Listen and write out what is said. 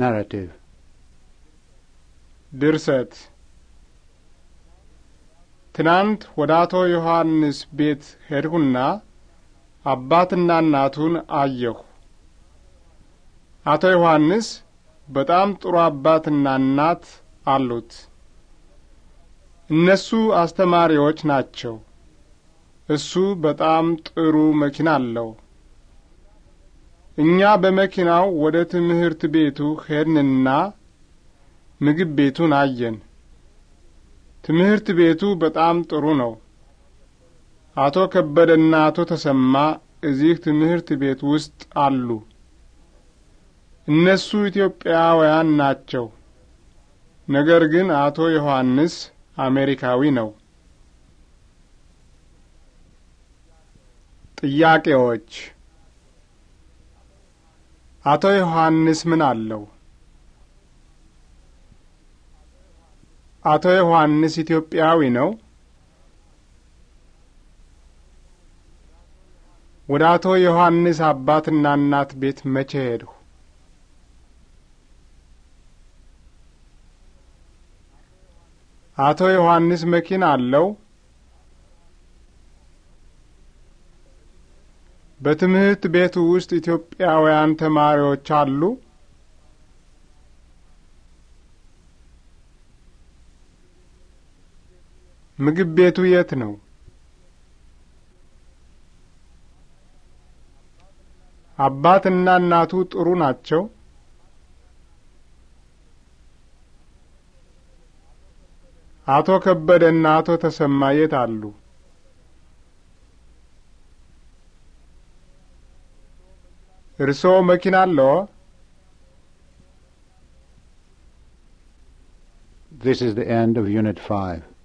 ናራቲቭ ድርሰት ትናንት ወደ አቶ ዮሐንስ ቤት ሄድሁና አባትና እናቱን አየሁ። አቶ ዮሐንስ በጣም ጥሩ አባትና እናት አሉት። እነሱ አስተማሪዎች ናቸው። እሱ በጣም ጥሩ መኪና አለው። እኛ በመኪናው ወደ ትምህርት ቤቱ ሄድንና ምግብ ቤቱን አየን። ትምህርት ቤቱ በጣም ጥሩ ነው። አቶ ከበደና አቶ ተሰማ እዚህ ትምህርት ቤት ውስጥ አሉ። እነሱ ኢትዮጵያውያን ናቸው። ነገር ግን አቶ ዮሐንስ አሜሪካዊ ነው። ጥያቄዎች አቶ ዮሐንስ ምን አለው? አቶ ዮሐንስ ኢትዮጵያዊ ነው? ወደ አቶ ዮሐንስ አባትና እናት ቤት መቼ ሄድሁ? አቶ ዮሐንስ መኪና አለው? በትምህርት ቤቱ ውስጥ ኢትዮጵያውያን ተማሪዎች አሉ? ምግብ ቤቱ የት ነው? አባትና እናቱ ጥሩ ናቸው? አቶ ከበደና አቶ ተሰማ የት አሉ? እርስዎ መኪና Law. This is the end of Unit 5.